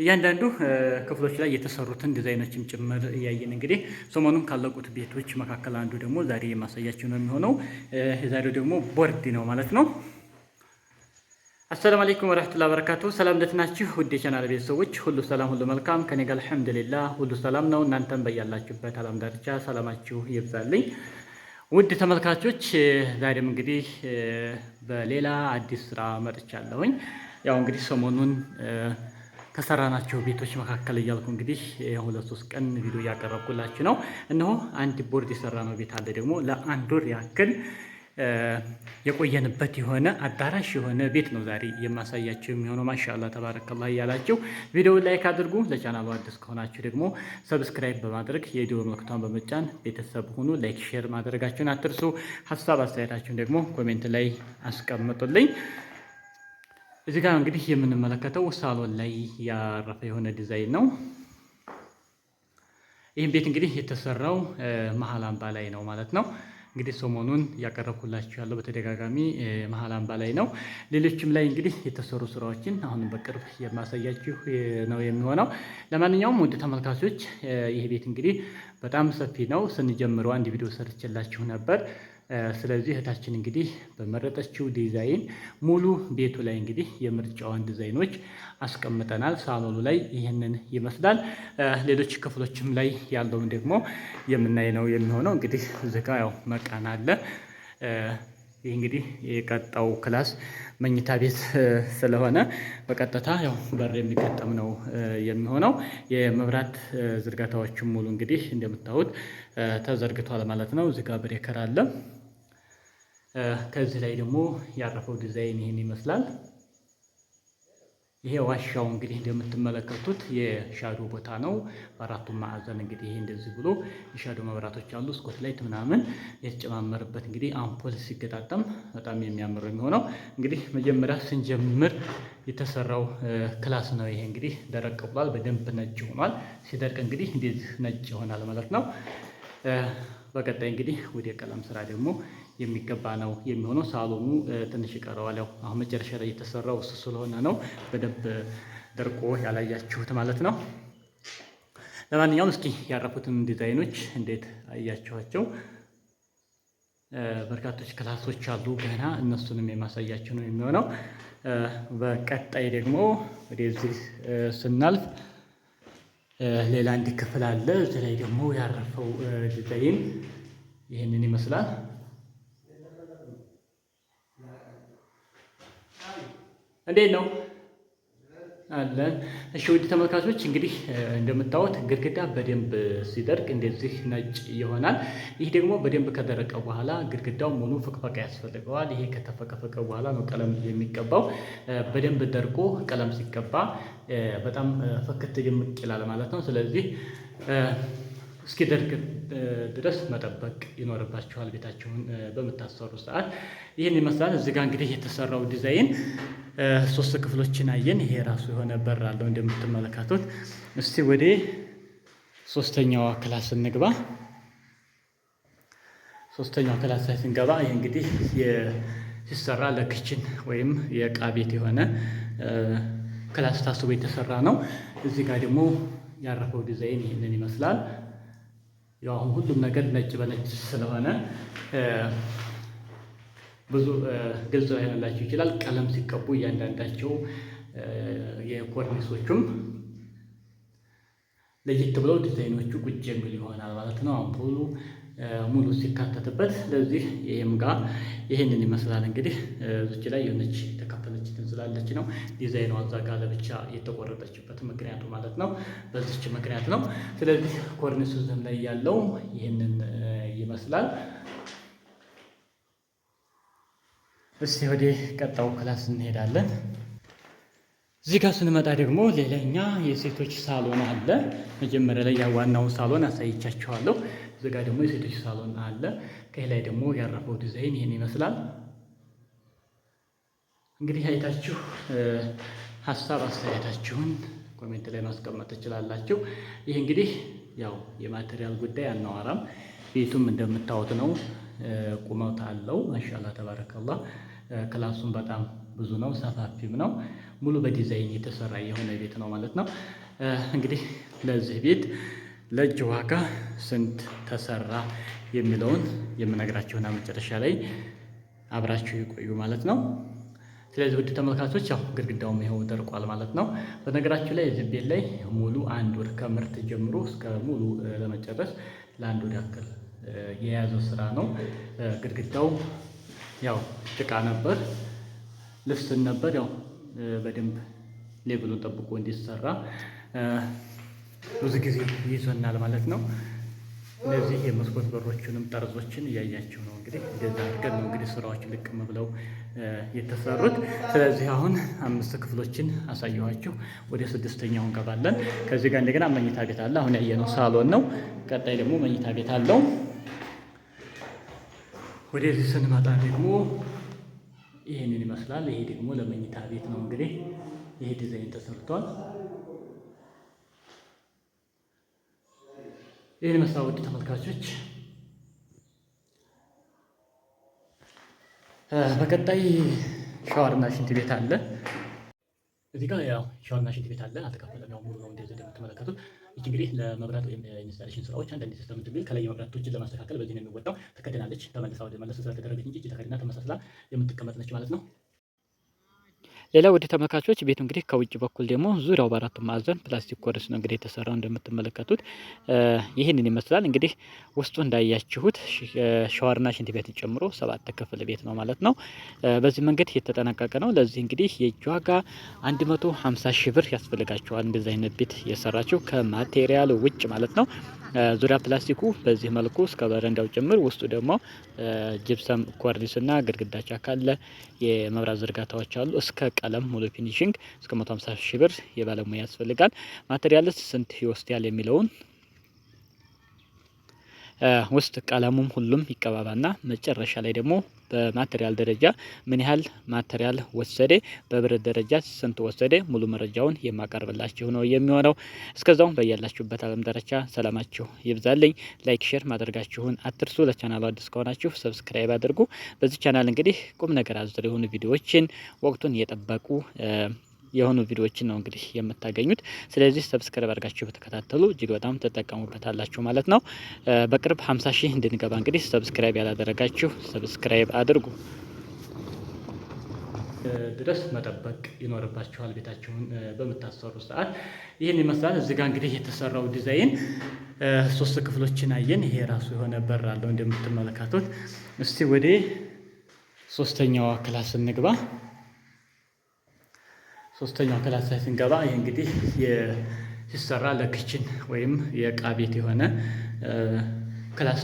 እያንዳንዱ ክፍሎች ላይ የተሰሩትን ዲዛይኖችም ጭምር እያየን እንግዲህ ሰሞኑን ካለቁት ቤቶች መካከል አንዱ ደግሞ ዛሬ የማሳያችሁ ነው የሚሆነው። የዛሬው ደግሞ ቦርድ ነው ማለት ነው። አሰላሙ አለይኩም ወረህመቱላሂ በረካቱ። ሰላም እንዴት ናችሁ? ውድ የቻናል ቤተሰቦች ሁሉ ሰላም፣ ሁሉ መልካም ከኔ ጋር አልሐምዱሊላ፣ ሁሉ ሰላም ነው። እናንተም በያላችሁበት አለም ዳርቻ ሰላማችሁ ይብዛልኝ። ውድ ተመልካቾች ዛሬም እንግዲህ በሌላ አዲስ ስራ መጥቻለሁኝ። ያው እንግዲህ ሰሞኑን ከሰራናቸው ቤቶች መካከል እያልኩ እንግዲህ ሁለት ሶስት ቀን ቪዲዮ እያቀረብኩላችሁ ነው። እነሆ አንድ ቦርድ የሰራነው ቤት አለ። ደግሞ ለአንድ ወር ያክል የቆየንበት የሆነ አዳራሽ የሆነ ቤት ነው ዛሬ የማሳያቸው የሚሆነው። ማሻላ ተባረከላ እያላቸው ቪዲዮ ላይክ አድርጉ። ለቻናሉ አዲስ ከሆናችሁ ደግሞ ሰብስክራይብ በማድረግ የዲዮ ምልክቷን በመጫን ቤተሰብ ሁኑ። ላይክ ሼር ማድረጋችሁን አትርሱ። ሀሳብ አስተያየታችሁን ደግሞ ኮሜንት ላይ አስቀምጡልኝ። እዚህ ጋር እንግዲህ የምንመለከተው ሳሎን ላይ ያረፈ የሆነ ዲዛይን ነው። ይህም ቤት እንግዲህ የተሰራው መሀል አምባ ላይ ነው ማለት ነው። እንግዲህ ሰሞኑን እያቀረብኩላችሁ ያለው በተደጋጋሚ መሀል አምባ ላይ ነው። ሌሎችም ላይ እንግዲህ የተሰሩ ስራዎችን አሁንም በቅርብ የማሳያችሁ ነው የሚሆነው። ለማንኛውም ውድ ተመልካቾች ይህ ቤት እንግዲህ በጣም ሰፊ ነው። ስንጀምረው አንድ ቪዲዮ ሰርችላችሁ ነበር። ስለዚህ እህታችን እንግዲህ በመረጠችው ዲዛይን ሙሉ ቤቱ ላይ እንግዲህ የምርጫዋን ዲዛይኖች አስቀምጠናል። ሳሎኑ ላይ ይህንን ይመስላል። ሌሎች ክፍሎችም ላይ ያለውን ደግሞ የምናይ ነው የሚሆነው። እንግዲህ ዝጋ ያው መቃን አለ። ይህ እንግዲህ የቀጣው ክላስ መኝታ ቤት ስለሆነ በቀጥታ ያው በር የሚገጠም ነው የሚሆነው። የመብራት ዝርጋታዎችም ሙሉ እንግዲህ እንደምታዩት ተዘርግቷል ማለት ነው። እዚህ ጋ ብሬከር አለ። ከዚህ ላይ ደግሞ ያረፈው ዲዛይን ይህን ይመስላል። ይሄ ዋሻው እንግዲህ እንደምትመለከቱት የሻዶ ቦታ ነው። በአራቱ ማዕዘን እንግዲህ ይሄ እንደዚህ ብሎ የሻዶ መብራቶች አሉ። እስኮት ላይት ምናምን የተጨማመረበት እንግዲህ አምፖል ሲገጣጠም በጣም የሚያምር የሚሆነው እንግዲህ መጀመሪያ ስንጀምር የተሰራው ክላስ ነው። ይሄ እንግዲህ ደረቅ ብሏል፣ በደንብ ነጭ ሆኗል። ሲደርቅ እንግዲህ እንደዚህ ነጭ ይሆናል ማለት ነው። በቀጣይ እንግዲህ ወደ ቀለም ስራ ደግሞ የሚገባ ነው የሚሆነው። ሳሎኑ ትንሽ ይቀረዋል። ያው አሁን መጨረሻ ላይ የተሰራው እሱ ስለሆነ ነው በደንብ ደርቆ ያላያችሁት ማለት ነው። ለማንኛውም እስኪ ያረፉትን ዲዛይኖች እንዴት አያችኋቸው? በርካቶች ክላሶች አሉ ገና እነሱንም የማሳያቸው ነው የሚሆነው። በቀጣይ ደግሞ ወደዚህ ስናልፍ ሌላ አንድ ክፍል አለ። እዚህ ላይ ደግሞ ያረፈው ዲዛይን ይህንን ይመስላል። እንዴት ነው አለን? እሺ ውድ ተመልካቾች እንግዲህ እንደምታዩት ግድግዳ በደንብ ሲደርቅ እንደዚህ ነጭ ይሆናል። ይህ ደግሞ በደንብ ከደረቀ በኋላ ግድግዳው ሙሉ ፍቅፈቃ ያስፈልገዋል። ይሄ ከተፈቀፈቀ በኋላ ነው ቀለም የሚቀባው። በደንብ ደርቆ ቀለም ሲቀባ በጣም ፍክት ድምቅ ይላል ማለት ነው። ስለዚህ እስኪደርግ ድረስ መጠበቅ ይኖርባችኋል። ቤታችሁን በምታሰሩ ሰዓት ይህን ይመስላል። እዚህ ጋር እንግዲህ የተሰራው ዲዛይን ሶስት ክፍሎችን አየን። ይሄ ራሱ የሆነ በር አለው እንደምትመለከቱት። እስቲ ወደ ሶስተኛዋ ክላስ እንግባ። ሶስተኛው ክላስ ላይ ስንገባ ይህ እንግዲህ ሲሰራ ለክችን ወይም የእቃ ቤት የሆነ ክላስ ታስቦ የተሰራ ነው። እዚህ ጋር ደግሞ ያረፈው ዲዛይን ይህንን ይመስላል። ያው አሁን ሁሉም ነገር ነጭ በነጭ ስለሆነ ብዙ ግልጽ ላይሆንላችሁ ይችላል። ቀለም ሲቀቡ እያንዳንዳቸው የኮርኒሶቹም ለየት ብለው ዲዛይኖቹ ቁጭ የሚል ይሆናል ማለት ነው አምፖሉ ሙሉ ሲካተትበት ስለዚህ ይህም ጋር ይህንን ይመስላል። እንግዲህ እዚች ላይ የሆነች የተከፈለች ትንስላለች ነው ዲዛይኗ እዛ ጋር ለብቻ የተቆረጠችበት ምክንያቱ ማለት ነው። በዚች ምክንያት ነው። ስለዚህ ኮርኒሱ ዝም ላይ ያለው ይህንን ይመስላል። እስቲ ወደ ቀጣው ክላስ እንሄዳለን። እዚህ ጋር ስንመጣ ደግሞ ሌላኛ የሴቶች ሳሎን አለ። መጀመሪያ ላይ ዋናውን ሳሎን አሳይቻችኋለሁ። እዚህ ጋር ደግሞ የሴቶች ሳሎን አለ። ከዚህ ላይ ደግሞ ያረፈው ዲዛይን ይህን ይመስላል። እንግዲህ አይታችሁ ሀሳብ አስተያየታችሁን ኮሜንት ላይ ማስቀመጥ ትችላላችሁ። ይህ እንግዲህ ያው የማቴሪያል ጉዳይ አናዋራም። ቤቱም እንደምታዩት ነው። ቁመት አለው። ማሻላ ተባረከላ። ክላሱም በጣም ብዙ ነው፣ ሰፋፊም ነው። ሙሉ በዲዛይን የተሰራ የሆነ ቤት ነው ማለት ነው። እንግዲህ ለዚህ ቤት ለእጅ ዋጋ ስንት ተሰራ የሚለውን የምነግራችሁና መጨረሻ ላይ አብራችሁ ይቆዩ ማለት ነው። ስለዚህ ውድ ተመልካቾች ያው ግድግዳውም ይኸው ደርቋል ማለት ነው። በነገራችሁ ላይ እዚህ ቤት ላይ ሙሉ አንድ ወር ከምርት ጀምሮ እስከ ሙሉ ለመጨረስ ለአንድ ወር ያክል የያዘው ስራ ነው። ግድግዳው ያው ጭቃ ነበር፣ ልፍስን ነበር ያው በደንብ ሌብሉን ጠብቆ እንዲሰራ ብዙ ጊዜ ይዞናል ማለት ነው። እነዚህ የመስኮት በሮችንም ጠርዞችን እያያቸው ነው እንግዲህ እንደዛ አድርገን ነው እንግዲህ ስራዎች ልቅም ብለው የተሰሩት። ስለዚህ አሁን አምስት ክፍሎችን አሳየኋችሁ። ወደ ስድስተኛው እንገባለን። ከዚህ ጋር እንደገና መኝታ ቤት አለ። አሁን ያየነው ሳሎን ነው። ቀጣይ ደግሞ መኝታ ቤት አለው። ወደዚህ ስንመጣ ደግሞ ይህንን ይመስላል። ይሄ ደግሞ ለመኝታ ቤት ነው እንግዲህ ይሄ ዲዛይን ተሰርቷል። ይህን ይመስላል ውድ ተመልካቾች። በቀጣይ ሻወርና ሽንት ቤት አለ። እዚህ ጋር ያው ሻወርና ሽንት ቤት አለ። አልተከፈለም። ያው ሙሉ ነው እንደዚህ እንደምትመለከቱት ይህ እንግዲህ ለመብራት ወይም ኢንስታሌሽን ስራዎች አንዳንድ ሲስተም ትግል ከላይ መብራቶችን ለማስተካከል በዚህ ነው የሚወጣው። ትከደናለች። ተመልሳ ወደ መለሱ ስለተደረገች እንጂ ተከድና ተመሳስላ የምትቀመጥ ነች ማለት ነው። ሌላ ወደ ተመልካቾች ቤቱ እንግዲህ ከውጭ በኩል ደግሞ ዙሪያው በአራት ማዕዘን ፕላስቲክ ኮርስ ነው እንግዲህ የተሰራው እንደምትመለከቱት ይህንን ይመስላል። እንግዲህ ውስጡ እንዳያችሁት ሸዋርና ሽንት ቤት ጨምሮ ሰባት ክፍል ቤት ነው ማለት ነው። በዚህ መንገድ የተጠናቀቀ ነው። ለዚህ እንግዲህ የእጅ ዋጋ 150 ሺህ ብር ያስፈልጋቸዋል። እንደዚህ አይነት ቤት የሰራችው ከማቴሪያል ውጭ ማለት ነው። ዙሪያ ፕላስቲኩ በዚህ መልኩ እስከ በረንዳው ጭምር፣ ውስጡ ደግሞ ጅብሰም ኮርኒስና ግድግዳ ቻክ የመብራት ዝርጋታዎች አሉ እስከ ቀለም ሙሉ ፊኒሽንግ እስከ 150 ሺህ ብር የባለሙያ ያስፈልጋል። ማቴሪያልስ ስንት ይወስዳል የሚለውን ውስጥ ቀለሙም ሁሉም ይቀባባና መጨረሻ ላይ ደግሞ በማቴሪያል ደረጃ ምን ያህል ማቴሪያል ወሰደ፣ በብረት ደረጃ ስንት ወሰደ፣ ሙሉ መረጃውን የማቀርብላችሁ ነው የሚሆነው። እስከዛውም በያላችሁበት ዓለም ደረጃ ሰላማችሁ ይብዛልኝ። ላይክ፣ ሼር ማድረጋችሁን አትርሱ። ለቻናሉ አዲስ ከሆናችሁ ሰብስክራይብ አድርጉ። በዚህ ቻናል እንግዲህ ቁም ነገር አዘል የሆኑ ቪዲዮዎችን ወቅቱን የጠበቁ የሆኑ ቪዲዮዎችን ነው እንግዲህ የምታገኙት። ስለዚህ ሰብስክራይብ አድርጋችሁ በተከታተሉ እጅግ በጣም ትጠቀሙበታላችሁ ማለት ነው። በቅርብ 50 ሺህ እንድንገባ እንግዲህ ሰብስክራይብ ያላደረጋችሁ ሰብስክራይብ አድርጉ ድረስ መጠበቅ ይኖርባችኋል። ቤታችሁን በምታሰሩ ሰዓት ይህን ይመስላል። እዚህ ጋር እንግዲህ የተሰራው ዲዛይን ሶስት ክፍሎችን አየን። ይሄ ራሱ የሆነ በር አለው እንደምትመለከቱት። እስቲ ወደ ሶስተኛዋ ክላስ እንግባ። ሶስተኛው ክላስ ላይ ስንገባ ይህ እንግዲህ ሲሰራ ለክችን ወይም የእቃ ቤት የሆነ ክላስ